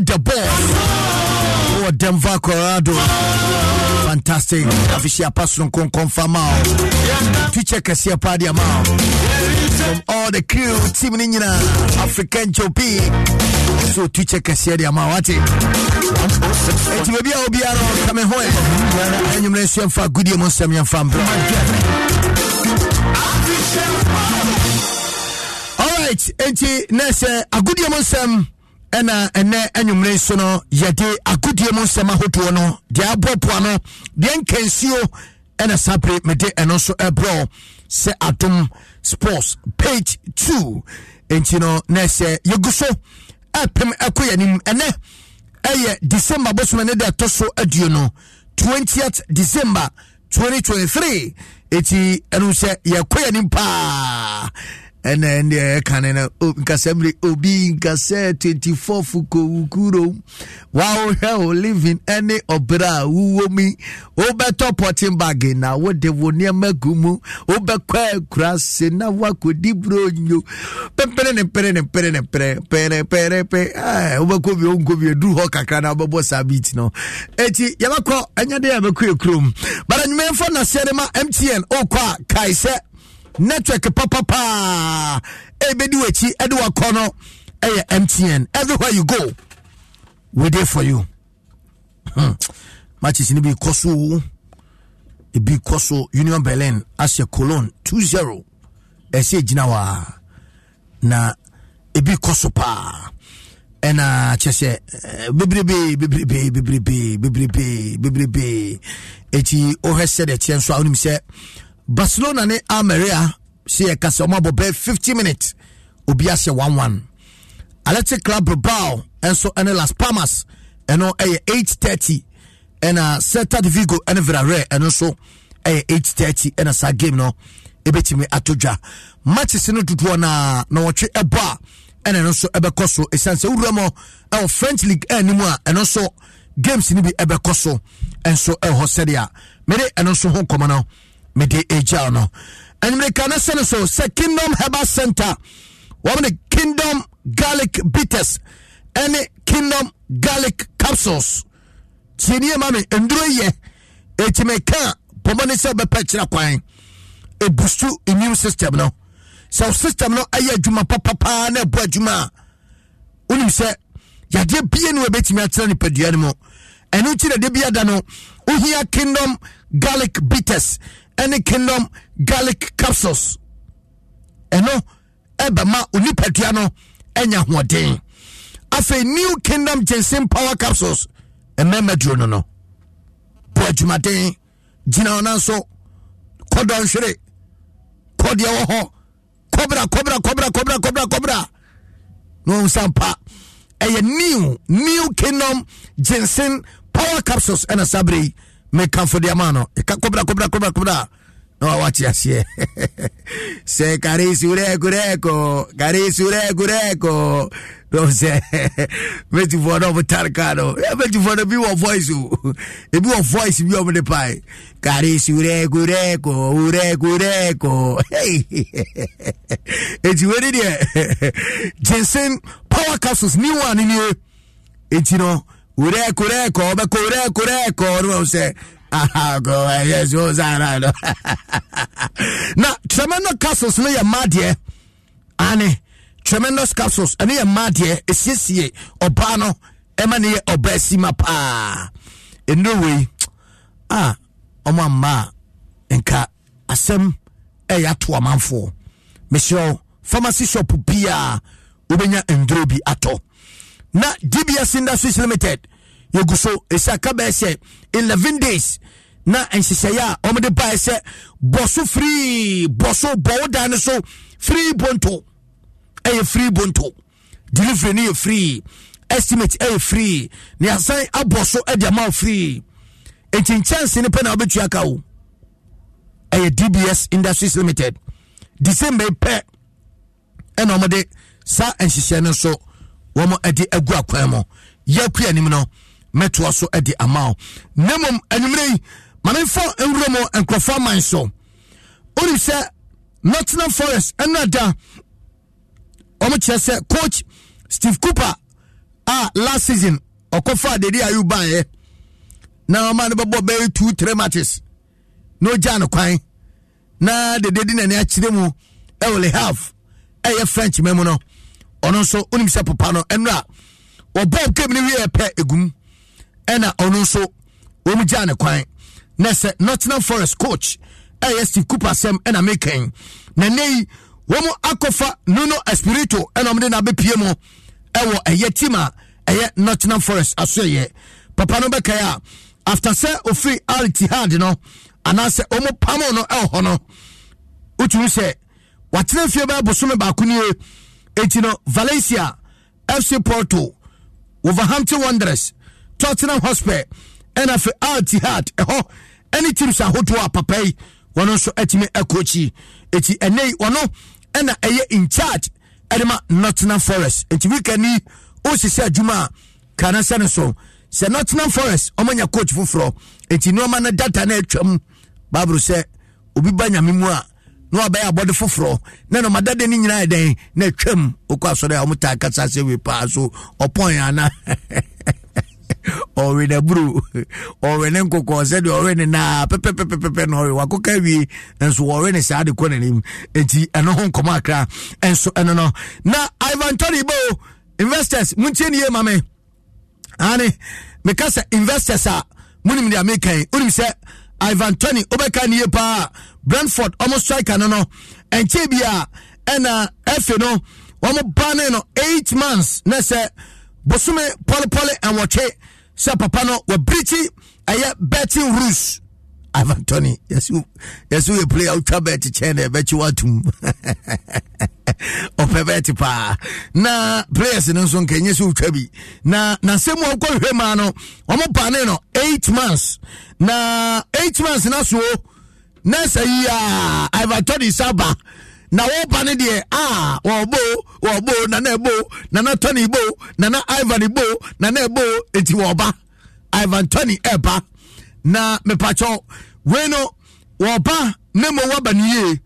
become the boss for Denver, Colorado. Fantastic. Official person confirm out. Teacher Cassia Padia From all the crew, team in African Jopi. So teacher Cassia Diamawati. Eti baby a obi aro kame hoe. Enyum na nsuo mfa gudie mo nsɛm yɛn fa mbrɛ. All right, enti nessa sɛ agudie mo nsɛm ɛna ɛnɛ anwummerɛ so no yɛde akodie mu nsɛm ahodoɔ no deɛ abɔpoa no deɛ nkansuo ɛna saa bere mede ɛno nso ɛbrɛ sɛ adom sports page 2 enti no na ɛsɛ yɛgu so ɛpem ɛkɔ yɛnim ɛnɛ ɛyɛ december bosome ne de ɛtɔ so aduo no 20 december 2023 eti ɛno sɛ yɛkɔ yɛnim paa ɛna ɛndeɛ ɛka ne no nkasamire obi nkasɛ 24 fukowukuro woawohwɛ wo living ɛne ɔbrɛ a wowɔ mi wobɛtɔ potin bag na wode wo nneɛma gu mu wobɛkɔ akura se na woakɔdi buro nwo pepere ne pere ne pere ne pere pere pere pe wobɛkɔ eh, bi wonkɔ bi ɛduru e hɔ kakra na wobɛbɔ saa beat no ɛti e yɛbɛkɔ ɛnyɛ de yɛbɛkɔ ɛkurom but anwumayɛmfo naseɛ de ma mtn wokɔ a kae sɛ network papapaa ɛbɛdi w'akyi ɛde wakɔ no mtn everywhere you go we there for you hmm. matches no bi kɔ so ebi union berlin ahyɛ cologne 2-0 ɛsɛ gyina hɔ na ebi kɔ so paa ɛna kyɛ sɛ bebrebe bebrebe bebrebe bebrebe bebrebe eti ohwɛ sɛ deɛ kyɛ nso a onim sɛ barcelona ne almeria sɛ yɛka sɛ ɔmabɔ bɛɛ 50 minutes obi ahyɛ 11 athletic club bilbao nso ɛne las palmas ɛno ɛyɛ 830 ɛna celta de vigo ɛne villarreal ɛno nso ɛyɛ 830 ɛna saa game no ɛbɛtumi ato dwa matches no dodoɔ na nawɔtwe ɛbɔ a ɛna ɛno nso ɛbɛkɔ so ɛsiane sɛ wowura mɔ ɛwɔ french league anim a ɛno nso games no bi ɛbɛkɔ so ɛnso ɛwɔ hɔ sɛdeɛ mede ɛno nso ho nkɔmmɔ no mede agyaw no animerika no sene so sɛ kingdom heba center wɔm ne kingdom garlic bitters ɛne kingdom garlic capsules tienie ma me nduro yɛ ɛtumi ka pɔmɔ ne sɛ bɛpɛ kyerɛ kwan ɛbusu immune system no sɛ system no ayɛ adwuma papapaa na ɛbɔ adwuma a wonim sɛ yadeɛ bie ne wɔbɛtumi atena nipadua no mu ɛno nti na de bi ada no wohia kingdom garlic bitters ɛne kingdom garlic capsules ɛno ɛbɛ ma onipadua no ɛnya ahoɔden afei new kingdom Jensen power capsules mmarima duro no no bɔ adwumaden gyina ɔna nso kɔdɔnhwere kɔdeɛ wɔ hɔ kɔbra kɔbra kɔbra kɔbra kɔbra kɔbra na ɔhu sa ɛyɛ new new kingdom Jensen power capsules ɛna sabre yi mekamfo deɛ ma no ɛka kɔbra kɔbra kɔbra kɔbra na wawa te aseɛ sɛ karesurɛkorɛko karesurɛkorɛko dɔm sɛ metifoɔ no ɔmotare ka no eh, metifoɔ no bi wɔ voice o ebi wɔ voice bi ɔmde pae karesurɛkorɛko urɛkorɛko enti e wei ne deɛ jensen power capsules ne wa e no nie enti no wureko reko bɛkɔ wureko reko no mam sɛ na tremendous capsules no yɛ mmadeɛ ane tremendous capsules ɛne yɛ mmadeɛ ɛsiesie ɔbaa no ɛma ne yɛ ɔbaa si ma paa ɛnuro wei a ɔmo amma nka asɛm ɛyɛ eh, ato amanfoɔ mehyerɛ pharmacy shop biaa wobɛnya nduro bi atɔ na DBS industries limited yɛgu so ɛsi aka bɛɛ sɛ 11 days na nhyehyɛeɛ a wɔde baeɛ sɛ bɔ so firii bɔ so bɔ wo dan no so firii bonto ɛyɛ firii bonto delivery no yɛ firii estimate ɛyɛ free e na yɛasan abɔ so de ama wo firii enti nkyɛnse no pɛ na wobɛtua ka wo ɛyɛ dbs industries limited december pɛ ɛna wɔde saa nhyehyɛ no nso wɔn de agu akwan mu yɛkue anim no mɛtoa so de ama wo na mmom anwummerɛ yi ma memfa nwura mu nkurɔfoɔ aman so wonim sɛ nottingham forest ɛna da ɔmokyerɛ sɛ coach steve cooper a last season ɔkɔfaa dede ayo baeɛ na ɔma no bɛbɔ bɛyɛ two three matches na ɔgyaa no kwan na dede de n'ani akyerɛ mu ɛwɔ le half ɛyɛ french mɛmu no ɔno nso wonim sɛ popa no ɛno a wɔbɔɔ kam no wieɛ pɛ ɛgum ɛna ɔno nso wɔm gyaa ne kwan na sɛ nottingham forest coach ɛyɛ steve cooper sɛm ɛna mekɛn na nnɛ yi wɔm akɔfa nuno espirito ɛna ɔmde no abɛpie mu ɛwɔ ɛyɛ team a ɛyɛ nottingham forest asoɛyɛ papa no bɛkae a after sɛ ofiri al tihad no anaasɛ ɔmo pamo no ɛwɔ hɔ no wotumi sɛ watena fie bɛɛ bosome baako nie eti no valencia fc porto wolverhampton wanderers tottenham hotspur ɛna afei al tihad ɛhɔ ɛne teams ahodoɔ a papa yi wɔn nso atumi akɔkyi eti ɛnɛ yi wɔn ɛna ɛyɛ in charge ɛde ma nottingham forest eti weekend yi osisi adwuma a kana sɛ ne so sɛ nottingham forest wɔn anya coach foforɔ eti nneɛma no data na atwam e baaburo sɛ obi ba nyame mu a na wabɛyɛ abɔde foforɔ na nomadade no nyinaa ɛdɛn na atwam wokɔ asɔre a ɔmtaa kasa sɛ wei paa so ɔpɔn ana ɔwe daburo ɔwe ne nkokɔ sɛdeɛ ɔwe ne naa pɛpɛpɛpɛpɛ na ɔwe wakɔka wie nso ɔwe ne saa de kɔ n'anim enti ɛno ho nkɔmɔ akra ɛnso ɛno no na ivan tony bo investors muntie ne yie ma me ane meka sɛ investors a monim deɛ meka yi wonim sɛ ivan tony wobɛka ne yie paa brentford ɔmo striker no no ɛnkyɛ bi uh, a ɛna ɛfe no wɔn ba ne no eight months na sɛ bosome pɔlepɔle ɛwɔtwe sɛ papa no wɔ birikyi ɛyɛ betting rules ivan tony yɛsi yɛsi yɛ player otwa bɛɛti kyɛn na ɛbɛkyi watum ɔpɛ bɛɛti paa na players no nso nkɛ nye sɛ bi na n'asɛm a ɔkɔ hwɛ maa no wɔn ba no eight months na eight months na so na sɛ yi a ivatɔde sa ba na wɔba no deɛ a wɔbo bo, nana ɛbo nana tɔne bo nana ivan bo nana ɛbo enti wɔba ivan tɔne ɛba na mepakyɛw wei no wɔba ne mo waba no yie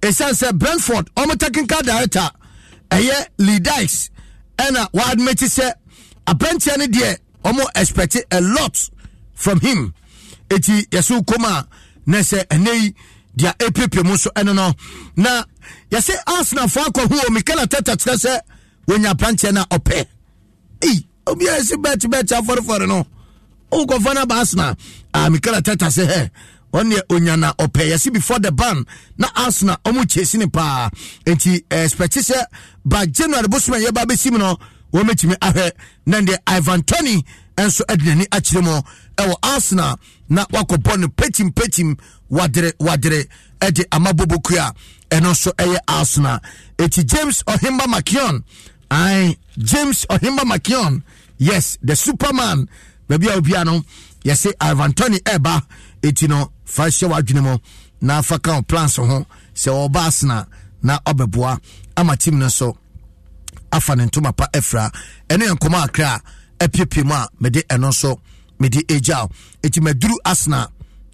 ɛsiane sɛ brentford ɔmo technical director ɛyɛ leadis ɛna wɔadmete sɛ aberanteɛ no deɛ ɔmo expect a lot from him eti yɛso kom na sɛ ɛnɛ yi deɛ ɛpiepie mu nso ɛno no na yɛsɛ arsenalfoɔ akɔho wɔ mikel ateta kyerɛ sɛ wɔnya apanteɛ no a ɔpɛ ei obiaa ɛsi bɛtebɛte afɔrefɔre no wokɔfa no aba arsenal a mikel ateta sɛ hɛ ɔneɛ onya na ɔpɛ yɛse before the ban na arsenal ɔmo kyesi ne paa enti ɛspɛkye sɛ ba january bosom a yɛba bɛsi mu no wɔmɛtumi ahwɛ na deɛ ivan tony nso de n'ani akyerɛ mu ɛwɔ arsenal na wakɔbɔ no petim petim wadere wadere ɛde ama boboku a ɛno nso ɛyɛ arsenal eti james ohimba makion ae james ohimba makion yes the superman baabi a obia no yɛse ivan tony ɛba eti no fa hyɛ wadwene mu na fa ka plans ho sɛ ɔba arsenal na ɔbɛboa ama team no so afa ne ntoma pa afira ɛno yɛ nkɔmɔ akra apiepie mu a mede ɛno nso mede agyaw ɛti maduru asena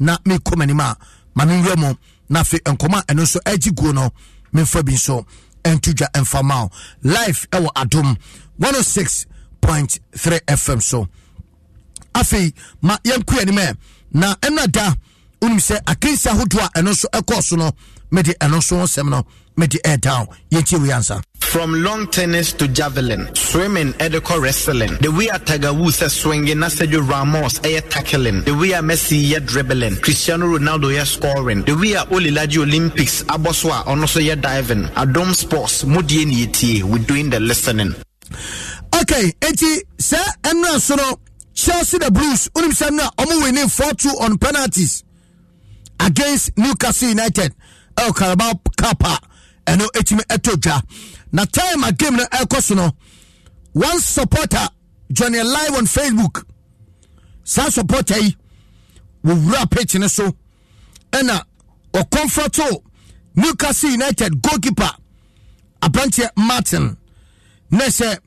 na mekɔ m'anim a ma menwerɛ mu na afei nkɔmɔ a ɛno nso agye guo no memfa bi nso ɛnto dwa ɛmfa ma o life ɛwɔ adom 106.3 fm so afei ma yɛnkɔ anim ɛ na ɛna da wonim sɛ akansi ahodoɔ a ɛno nso ɛkɔɔ so no mede ɛno nso ho sɛm no meti airtown eh, yɛtie wei From long tennis to javelin, swimming, edeko wrestling. The way a Tiger Woods is swinging, Sergio Ramos is eh, tackling. The way a Messi is dribbling, Cristiano Ronaldo is scoring. The way a Olilaji Olympics, Aboswa, also is diving. Adom Sports, Mudie Nieti, we doing the listening. Okay, eti sir, Emra Sono, Chelsea the Blues, Unim Samna, Omu winning 4-2 on penalties against Newcastle United. El Carabao Kappa. ɛno ɛtumi ɛtɔ dwa na time a game no ɛkɔ so no one supporter johnny live on facebook saa supporter yi wɔwura pitch no so ɛna ɔkɔmfɔto newcastle united goalkeeper aberanteɛ martin na sɛ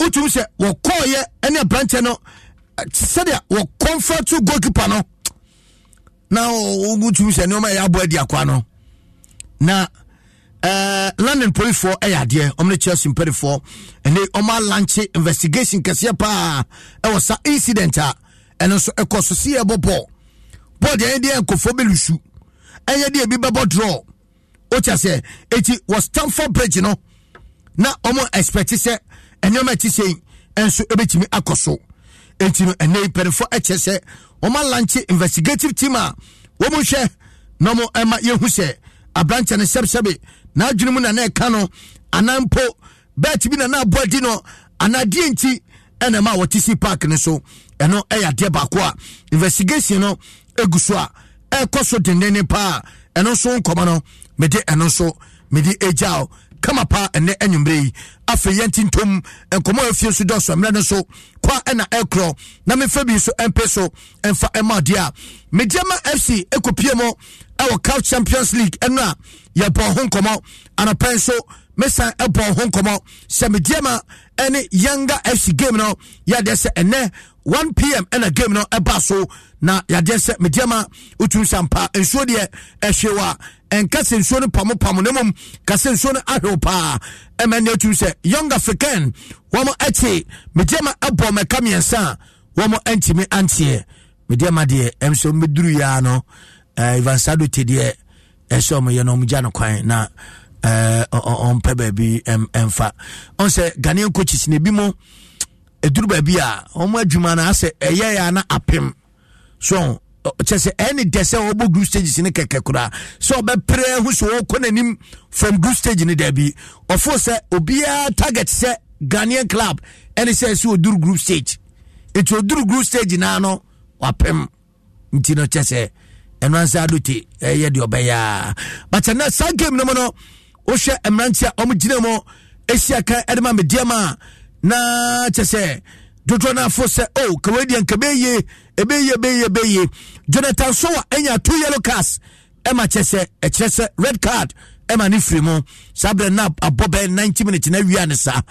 wotum sɛ wɔkɔɔyɛ ne aberanteɛ no sɛdeɛ wɔkɔmfɔto goalkeeper no na wotum sɛ nneɔma ɛyɛ aboa adi akoa no na Uh, london policefoɔ ɛyɛ eh, adeɛ ɔmo ne chelsea mpanyinfoɔ ɛne ɔmo alanche investigation kɛseɛ paa eh, ɛwɔ sa incident a ɛno nso ɛkɔ so si ɛbɔ bɔɔl bɔɔl deɛ ɛyɛ deɛ nkɔfoɔ bɛ lusu ɛyɛ deɛ ebi bɛbɔ draw o kyɛ sɛ eti wɔ stamford bridge no na ɔmo expect sɛ ɛnneɛma ti sɛ ɛnso ɛbɛtumi akɔ so eti no ɛnɛ mpanyinfoɔ ɛkyɛ sɛ ɔmo alanche investigative team a wɔn hwɛ na ɔmo ɛma yɛhu sɛ aberanteɛ no sɛbsɛbe n'adwene mu na na no anaa mpo bi na na abɔ adi no anaa deɛ nti ɛna ma wɔte si park no so ɛno ɛyɛ adeɛ baako a investigation no egu so a ɛrekɔ so dendenne paa ɛno nso nkɔmɔ no mede ɛno nso mede egya o kama paa ɛnɛ anwummerɛ yi afei yɛnti ntom nkɔmmɔ a afie so dɔso mmerɛ no so kwa ɛna ɛkorɔ na mefɛ bi so ɛmpɛ so ɛmfa ɛma adeɛ a mediama fc ɛkɔpie mu ɛwɔ cup champions league ɛno a yɛbɔ ho nkɔmɔ anɔpɛ nso mesan ɛbɔ ho nkɔmɔ sɛ mediama ɛne yanga fc game no yɛadeɛ sɛ ɛnɛ One pm ɛna game no ɛba so na yadeɛ sɛ mediama wotumi sɛ mpa nsuo deɛ ɛhwe wɔ a ɛnka sɛ nsuo no pamopamo na mmom ka sɛ nsuo no ahwew paa ɛma nne atumi sɛ young african wɔm akyi mediama ɛbɔ mɛka mmiɛnsa a wɔm antimi anteɛ mediama deɛ ɛm sɛ mmɛduru yia no evansado eh, te deɛ ɛsɛ ɔmyɛ no ɔmgya no kwan na eh, ɔmpɛ baabi ɛmfa ɔn sɛ ghanaian coaches ne bi mu ɛduru baabi a wɔn adwuma no asɛ ɛyɛ yɛ ana apem so kyɛ sɛ ɛne dɛ sɛ group stage ni kɛkɛ koraa sɛ ɔbɛpere ho so wɔkɔ n'anim from group stage ni daabi ɔfo sɛ obiara target sɛ ghanaian club ɛne sɛ sɛ ɔduru group stage nti ɔduru group stage naa no wapem nti no kyɛ sɛ ɛno ansa adote ɛyɛ deɛ ɔbɛyɛ a but ɛnɛ saa game no mu no wohwɛ mmeranteɛ a wɔgyina mu ɛhyia ka ɛde ma mediama a na kyɛ sɛ dodoɔ no afo sɛ o oh, kawai deɛ nka bɛyie ɛbɛyie bɛyie bɛyie jonathan sowa anya two yellow cards ɛma kyɛ sɛ ɛkyerɛ sɛ red card ɛma ne firi mu saa berɛ no abɔ bɛɛ 90 minutes na awia ne saa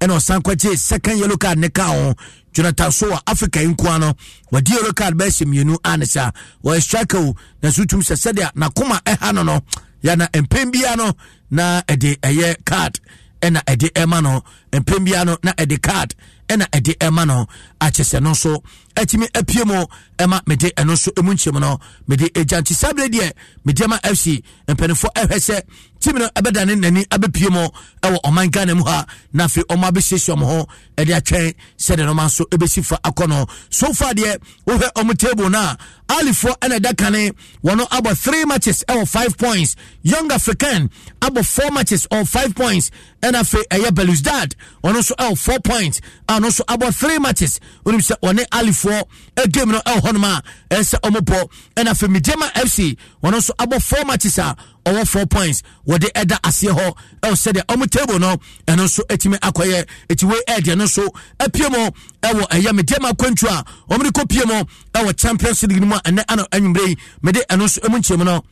ɛna ɔsan kɔkyee second yellow card ne ka ho jonathan sowa africa yi nkoa no wɔde yellow card bɛɛhyɛ mmienu ane saa wɔyɛ striker o nanso wotumi sɛ sɛdeɛ nakoma ɛha no no yɛna mpɛn biara no na ɛde ɛyɛ card ɛna ɛde ɛma no mpɛn bia no na ɛde card ɛna ɛde ɛma no akyɛ sɛ no nso atumi apie mu ɛma mede ɛno nso ɛmu nkyɛm no mede ɛgya nti saa berɛ deɛ mede ɛma fc mpanimfoɔ ɛhwɛ sɛ tim no ɛbɛdane n'ani abɛpie mu ɛwɔ ɔman ghana mu ha na afei ɔmo abɛsiesie ɔmo ho ɛde atwɛn sɛdeɛ no ma nso ɛbɛsi fa akɔ no so far deɛ wohwɛ ɔmo table no a alifoɔ ɛna ɛda kane wɔn abɔ three matches ɛwɔ five points young african abɔ four matches on five points ɛna afei ɛyɛ belusdad ɔno nso ɛwɔ four points a arsenal no nso abɔ three matches wonim sɛ ɔne alifoɔ eh, game no ɛwɔ hɔnom a ɛsɛ ɔmo bɔ ɛna afei fc ɔno nso abɔ four matches a ɔwɔ four points wɔde ɛda aseɛ hɔ ɛwɔ sɛdeɛ ɔmo table no ɛno nso ɛtumi akɔyɛ ɛti wei ɛdeɛ no nso ɛpie mu ɛwɔ ɛyɛ migyama akwantu a ɔmo de kɔ pie mu ɛwɔ champions league no mu a ɛnɛ ano yi mede ɛno nso ɛmu no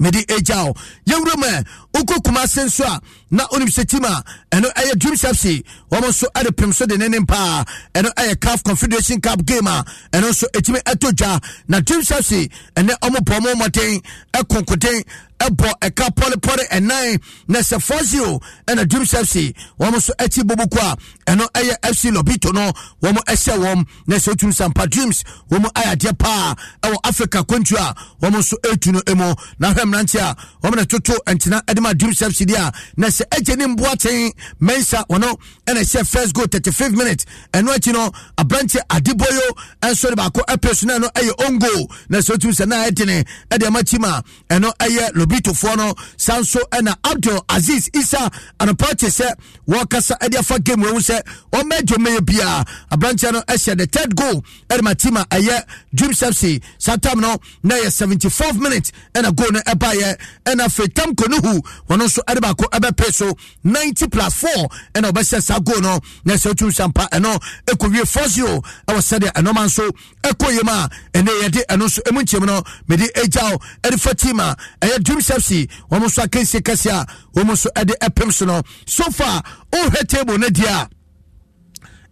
mede agya wo yɛwura mu ɛ wokɔ kuma se nso a na onim sɛ tim a ɛno ɛyɛ dream sepsy wɔm nso ɛde so de ne nem paa ɛno ɛyɛ caf confederation cup game a ɛno nso ɛtumi ɛtɔ dwa na dream sepsy ɛnɛ ɔmo bɔ mo mmɔden ɛkonkoden e ɛbɔ ɛka pɔlepɔle ɛnan na sɛ fɔsio ɛna dreams fc wɔn nso ɛti bobo ko a ɛno ɛyɛ fc lobito no wɔn ɛhyɛ wɔn na sɛ otum sampa dreams wɔn ayɛ adeɛ paa ɛwɔ africa kɔntu a wɔn nso ɛtu no mu na ahwɛ mmeranteɛ a wɔn na toto ntina ɛde ma dreams fc deɛ a na sɛ ɛgye ne mboaten mensa wɔn ɛna ɛhyɛ first goal thirty five minutes ɛno akyi no aberanteɛ adiboyo ɛnso de baako ɛpɛ so na ɛno ɛyɛ ongo na sɛ otum sɛ na ɛde ne ɛde ɛma kyim a ɛno ɛyɛ lobi to no san so ɛna abdul aziz isa anapakye sɛ wɔkasa ɛde afa game wɔn sɛ wɔmmɛ dwomɛ biara aberanteɛ no ɛhyɛ the third goal ɛde ma team a ɛyɛ dream sepsi saa tam no na ɛyɛ seventy fourth minute ɛna goal no ɛbaayɛ ɛna afei tam konuhu wɔn nso ɛde baako ɛbɛpɛ so ninety plus four ɛna ɔbɛhyɛ saa goal no na ɛsɛ otu sampa ɛno ekowie four zero ɛwɔ sɛdeɛ ɛnɔma nso ɛkɔ yie mu a ɛnɛ yɛde ɛno nso emu nkyɛn no mɛde egya ɛde fa team a ɛyɛ dream sefsi wɔn nso akansie kɛse a wɔn nso de pem so no so far wohwɛ table no deɛ a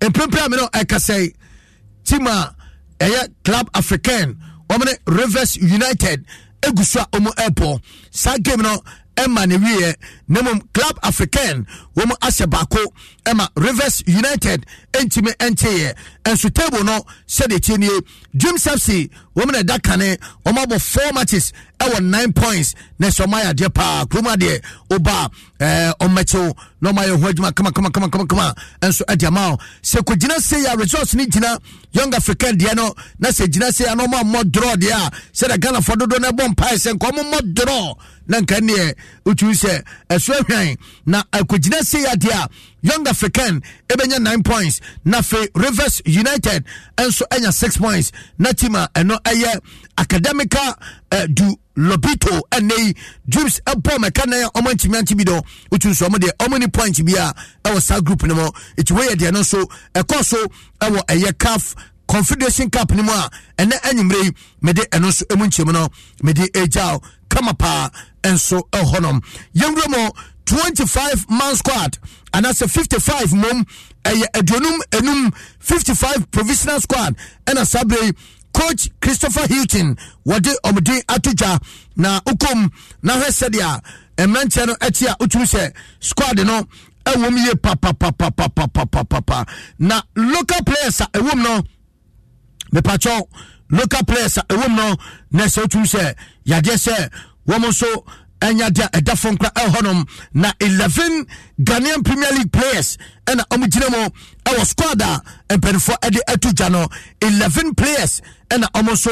mprempren a mene ɛkasa yi team a ɛyɛ club african wɔn ne rivers united egu so a wɔn ɛrebɔ saa game no ɛma ne wieɛ na mmom club african wɔn ahyɛ baako ɛma rivers united ɛntumi ɛnteeɛ ɛnso table no sɛdeɛ tie nie dream sepsi wɔn na ɛda kane wɔn abɔ four matches ɛwɔ nine points na ɛsɛ ɔmo ayɛ adeɛ paa kurom adeɛ ɔba ɛɛ ɔmɛkyew na ɔmo ayɛ ho adwuma kama kama kama kama kama ɛnso ɛde ama o sɛ kò gyina se ya results ni gyina young african deɛ no na sɛ gyina se ya na ɔmo amɔ draw deɛ a sɛdeɛ ghana fɔ dodo na ɛbɔ mpae sɛ nka ɔmo mɔ draw na nka neɛ otu sɛ ɛso ahwɛn na kò gyina se ya deɛ a young african ɛbɛnya nine points na fe rivers united nso anya six points na team a ɛno ɛyɛ academica eh, du lobito ɛnɛ yi dreams ɛbɔ mɛka na yɛ ɔmo ntumi anti bi dɔ wotu nso ɔmo deɛ ɔmo ni point bi a ɛwɔ saa group no mu eti wɔyɛ deɛ no nso ɛkɔ so ɛwɔ ɛyɛ caf confederation cup no mu a ɛnɛ anwummerɛ yi mede ɛno nso ɛmu nkyɛmu no mede ɛgyaw kama paa nso ɛwɔ hɔnom yɛnwura mu 25 man squad anaasɛ 55 mom ɛyɛ aduonum enum 55 provisional squad ɛna saa bere eh, yi coach christopher hilton wɔde ɔmɔden ato dwa na okom na hwɛ sɛdeɛ eh, mmeranteɛ eh, no akyi a wotumi sɛ squad no ɛwɔ mu yie papapapapapapapa na local players a ɛwɔ mu no mepatwɛw local players a ɛwɔ mu no na sɛ wotumi sɛ yadeɛ sɛ wɔn nso ɛnya deɛ eh, ɛda fam kora ɛhɔnom eh, na eleven ghanaian premier league players ɛna ɔmo gyina mu ɛwɔ squad a eh, mpanimfoɔ ɛde ato gya no 11 players ɛna ɔmo nso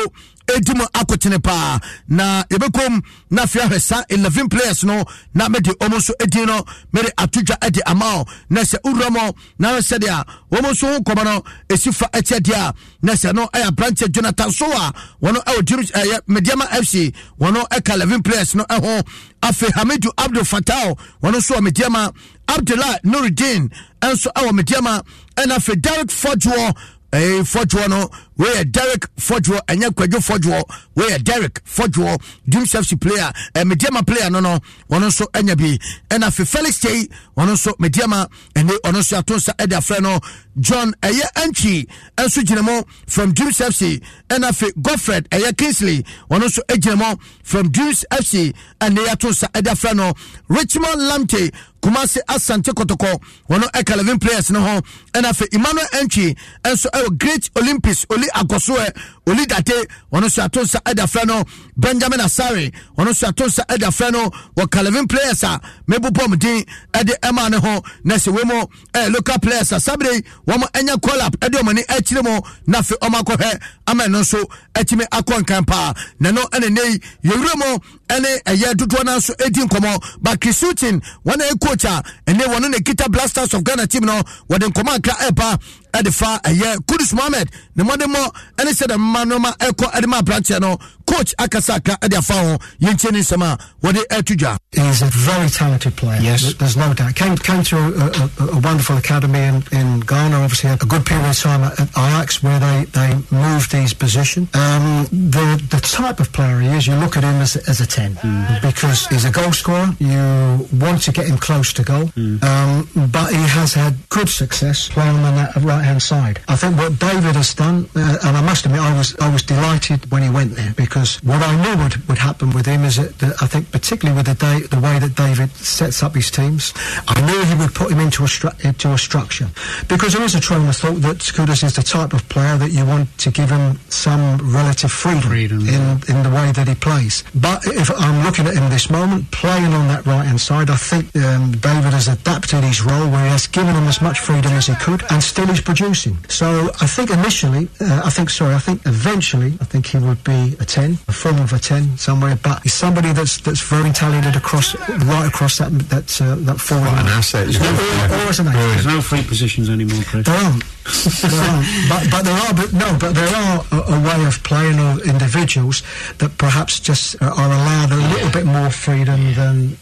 ɛdi mu akotene paa na yɛbɛkom na ahwɛ saa 11 players no na mede ɔmo nso ɛdin no mede ato dwa ɛde ama o na sɛ wowura mɔ na sɛdeɛ a wɔmo nso ho no ɛsi fa ɛkyɛ deɛ a na sɛ no ɛyɛ aberanteɛ jonathan so a wɔno ɛwɔ dirim ɛyɛ mediama fc wɔno ɛka 11 players no ɛho afei hamidu abdul fatao wɔno nso wɔ mediama abdullah nuruddin ɛnso ɛwɔ mediama ɛna afei derek fɔdwoɔ ɛyɛ fɔdwoɔ no weyɛ derek fodwoɔ ɛnyɛ kwadwo we are derek fodwoɔ dum safs player eh, mediama player no no one so anya bi ɛna afei felix tei ɔno nso mediama ɛne ɔno nso ato nsa john ɛyɛ antwi enso gyina from dreams fc ɛna afei godfred ɛyɛ kingsley ɔno nso gyina from dreams fc ɛne yɛato nsa ɛde afrɛ richmond lamte kumase asante kɔtɔkɔ wɔn ɛka 11 players no ho ɛna afei emmanuel antwi enso ɛwɔ great olympics oli akɔsoɛ olidate ɔno nso ato nsa ɛda frɛ no benjamin asare ɔno nso ato nsa ɛda frɛ no wɔ calvin players a mebobɔ m din ɛde ɛma ne ho na sɛ mu ɛyɛ local players a wɔn ɛnyɛ collab ɛde wɔn ani akyire mu na afei wɔn akɔhwɛ ama ɛno nso atumi akɔ nkan paa na ɛna ne yi yɛwura mu ɛne ɛyɛ dodoɔ no nso ɛdi nkɔmmɔ but kisutin wɔn a yɛ coach a ɛne wɔn ne kita blasters of ghana team no wɔde nkɔmmɔ akra ɛɛpa ɛde fa ɛyɛ kudus mohammed ne mmɔde mmɔ ne sɛ dɛmma nneɛma ɛkɔ de ma aberanteɛ no coach akasaka de afa ho yɛnkyɛ ne nsɛm a wɔde dwa He's a very talented player. Yes. There's no doubt. Came, came through a, a, a wonderful academy in, in Ghana, obviously, a good period of time at, at Ajax where they, they moved his position. Um, the, the type of player he is, you look at him as, as a 10 mm. because he's a goal scorer. You want to get him close to goal. Mm. Um, but he has had good success playing on that right hand side. I think what David has done man, uh, and I must admit, I was I was delighted when he went there because what I knew would, would happen with him is that, that I think particularly with the day, the way that David sets up his teams, I knew he would put him into a stru- into a structure because there is a train of thought that Skoudas is the type of player that you want to give him some relative freedom, freedom in in the way that he plays. But if I'm looking at him this moment playing on that right hand side, I think um, David has adapted his role where he has given him as much freedom as he could, and still he's producing. So I think initially eventually, uh, I think, sorry, I think eventually, I think he would be a 10, a form of a 10 somewhere, but he's somebody that's that's very talented across, right across that that, uh, that forward line. an asset. There's no, or, or an asset. There's no free positions anymore, Chris. There aren't. there aren't. But, but there are, but no, but there are a, a way of playing of individuals that perhaps just uh, are allowed a little bit more freedom than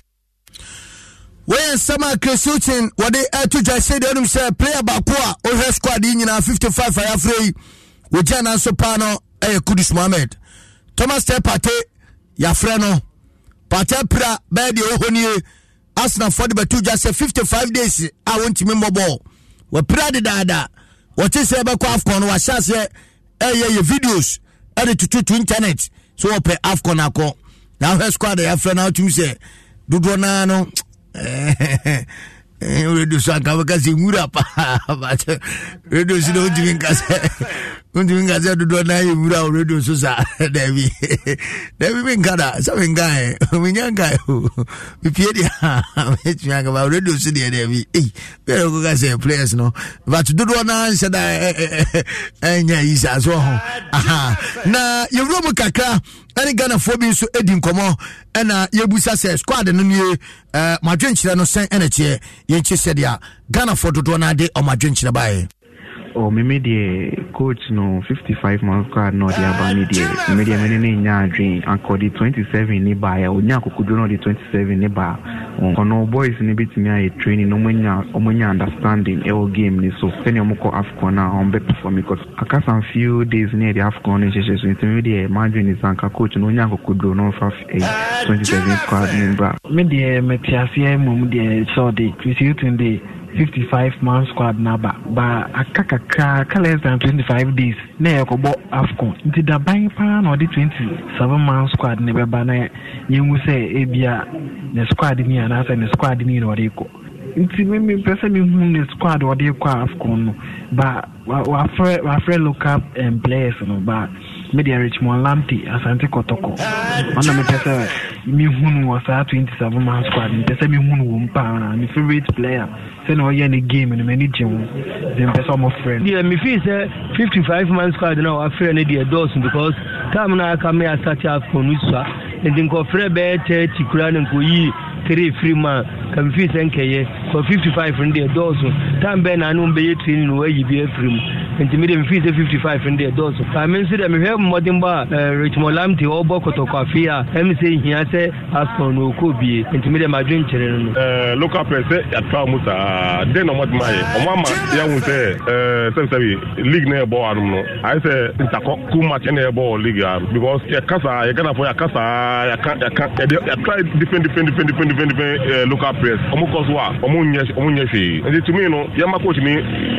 wɔyɛ nsɛm a kresutin wɔde ɛto dwa sɛ deɛ ɔnum sɛ player baako a ɔhwɛ squad yi nyinaa 55 a yɛafrɛ yi wɔgya nanso paa no ɛyɛ kudus mohamed thomas tɛ pate yɛafrɛ no pate pra bɛyɛ deɛ ɔhɔ nie asenafoɔ de bɛto dwa sɛ 55 days a wɔntumi mmɔbɔ wɔpira dedaadaa wɔte sɛ ɛbɛkɔ afcon no wɔahyɛ aseɛ ɛyɛ yɛ videos ɛde tututu internet so wɔpɛ afcon akɔ na ahwɛ squad a yɛafrɛ no atumi sɛ dodoɔ naa no radio so anka bɛka sɛ nwura paa radio so na wontumi nka sɛ wontumi nka sɛ dodoɔ na yɛ wura wo radio so saa daabi daabi menka da sɛ menkaɛ menya nkaɛ o mepie deɛ mɛtumi aka ba radio so deɛ daabi ei bɛrɛ kɔka sɛ players no but dodoɔ na nhyɛ da ɛnya eh, eh, eh, yi saa so ho na yɛwura mu kakra ɛne ghanafoɔ bi nso di nkɔmmɔ ɛna yɛbusa sɛ squad no nie madwenkyerɛ no sɛn ɛnɛkyeɛ yɛnkye sɛdeɛ ghanafoɔ dodoɔ no ade ɔmadwenkyerɛ baeɛ o oh, meme deɛ coach no 55 months koraa na ɔde aba ne deɛ meme deɛ mene ne nya adwen akɔde 27 ne baeɛ ɔnya akokoduro na ɔde 27 ne baa ɔno boys no bɛtumi ayɛ training na ɔmanya understanding ɛwɔ eh, oh, game ne so sɛnea ɔmokɔ afcon a ah, ɔmbɛperform because aka some few days ne yɛde afcon no nhyehyɛ so nti meme deɛ madwen ne sanka coach no ɔnya akokoduro na ɔmfa 27 squad ne bra me deɛ mete aseɛ mmom deɛ sɛ ɔde twisiotun de fifty five man squad n'aba ba aka kakra aka less than twenty five days na yɛ kɔbɔ afcon nti daban paa na ɔde twenty seven man squad ne bɛba na yɛnwu sɛ ebia ne squad ni anaasɛ ne squad ni na ɔde kɔ nti mímí pẹsẹ mi hun ne squad ọdẹ kọ afcon no ba wàá fẹ wàá fẹ local um, players no ba media richmond lamte asante kɔtɔkɔ ɔna mepɛ sɛ mehunu wɔ saa 27 man squad mpɛ sɛ mehunu wɔ m me favorite player sɛne ɔyɛ ne game no m'ani gye ho de mpɛ sɛ ɔmɔfrɛ no deɛ mefii sɛ 55 man squad no a wɔafrɛ no deɛ dɔɔso because time no aka me asate afcon no sua nti nkɔfrɛ bɛyɛ 30 koraa ne nkɔyii three free man kàmi fi sɛ nkɛyɛ kɔ 55 no deɛ dɔɔso time bɛɛ na ano bɛyɛ training no wɔayi bi afiri mu nti mi de mfiri sɛ fifty five no deɛ dɔɔso ame nso deɛ mehwɛ mmɔdenbɔ a eh, richmond lamte ɔbɔ kɔtɔkɔ afe a ɛm sɛ hia sɛ asɔn no ɔkɔ bie nti mi de madwe nkyerɛ no no eh, local press sɛ yɛtoa mu saa dɛn na ɔmɔde ma yɛ ɔmɔ ama yɛhu sɛ eh, sɛbisɛbi league na ɛbɔ anom no ayɛ sɛ ntakɔ ku match ɛna ɛbɔ wɔ league ano because yɛka saa yɛghanafoɔ yɛka saa yɛka yɛka yɛde yɛtra different different different different different different local press ɔmo kɔ so a ɔmo nyɛ ɔmo nyɛ hwee nti tumi no yɛma coach ni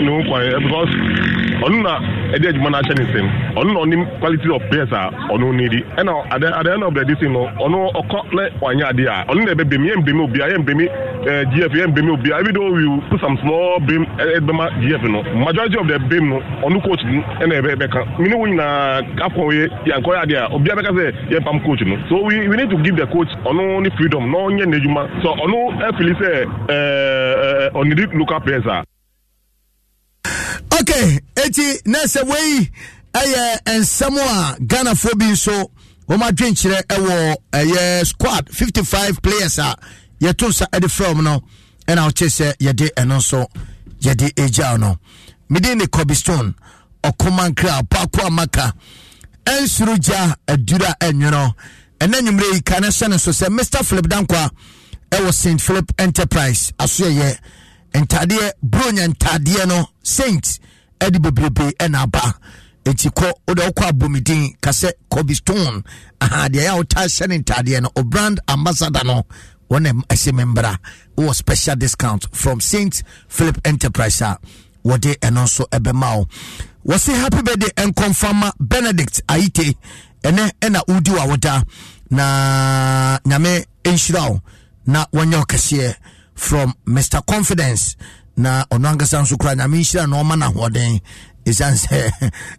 ne ho kwan because ɔno na ɛde adwuma no ahyɛ ne nsɛm ɔno na ɔnim quality of players a ɔno ne di ɛna at the end of the day no ɔno ɔkɔ na wanyɛ adeɛ a ɔno na ɛbɛbɛmi yɛmbɛmi obia yɛmbɛmi eh, gf yɛmbɛmi obia ebi though we will put some small bim ɛbɛma eh, eh, gf no majority of the bim no ɔno coach no ɛna ɛbɛka mene wo nyinaa afɔ yɛ yɛnkɔyɛ adeɛ a obia bɛka sɛ yɛmpam coach no so we, we need to give the coach ɔno ne freedom na ɔnyɛ n'adwuma so ɔno afili sɛ ɔnedi local players a ok eti na sɛ wei ɛyɛ nsɛm a ghanafoɔ bi nso wɔn adwenkyerɛ ɛwɔ ɛyɛ squad 55 players a yɛto nsa ɛde fɛ wɔn no ɛna ɔkye sɛ yɛde ɛno nso yɛde egya no mede ne kobe stone ɔkomankra paako amaka ɛnsoro gya adura ɛnwono ɛna nwumire yi ka ne hyɛ ne so sɛ mr philip dankwa ɛwɔ st philip enterprise asoɛyɛ ntadeɛ bronya ntadeɛ no saint ɛde bebrebe ɛna aba eti kɔ wode wokɔ abomeden kasɛ cobi stone aha deɛ yɛ a wotaa hyɛ ne ntadeɛ no o brand ambassador no wɔne ɛsɛ membra mbra wowɔ special discount from saint philip enterprise a wɔde ɛno nso ɛbɛma wo wɔse happy birthday nkɔmfama benedict aite ɛnɛ ɛna wodi wa woda na nyame nhyira wo na wɔnyɛ wo kɛseɛ from Mr. Confidence. Na ɔno ankasa nso kura nyame nhyira na ɔma n'ahoɔden ɛsiane sɛ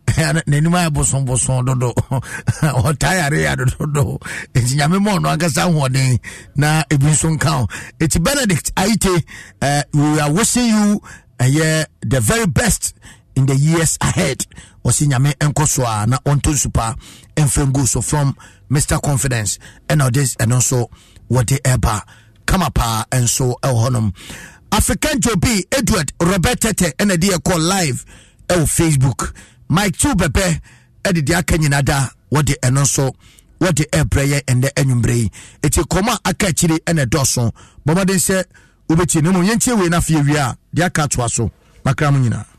n'anim ayɛ bosonboson dodo ɔtayare yɛ dodo nti nyame ma ɔno ahoɔden na ebi nso nka wo ɛti benedict aite eh, we are wishing you ɛyɛ eh, the very best in the years ahead ɔsi nyame nkɔ a na ɔnto nsupa mfɛngu so from mr confidence ɛna ɔde ɛno nso wɔde ɛba kama paa nso ɛwɔ hɔnom african jobi edward robert tete ɛna ɛde yɛkɔ live ɛwɔ facebook mike tu bɛbɛ ɛde deɛ aka nyina da wɔde ɛno nso wɔde ɛbrɛ yɛ ɛnɛ ɛnwummerɛ yi ɛti kɔma aka akyiri ɛna ɛdɔɔso bɔmmɔden sɛ wobɛtie ne mu yɛntie wei no afei wie a deɛ aka atoa so makra mo nyinaa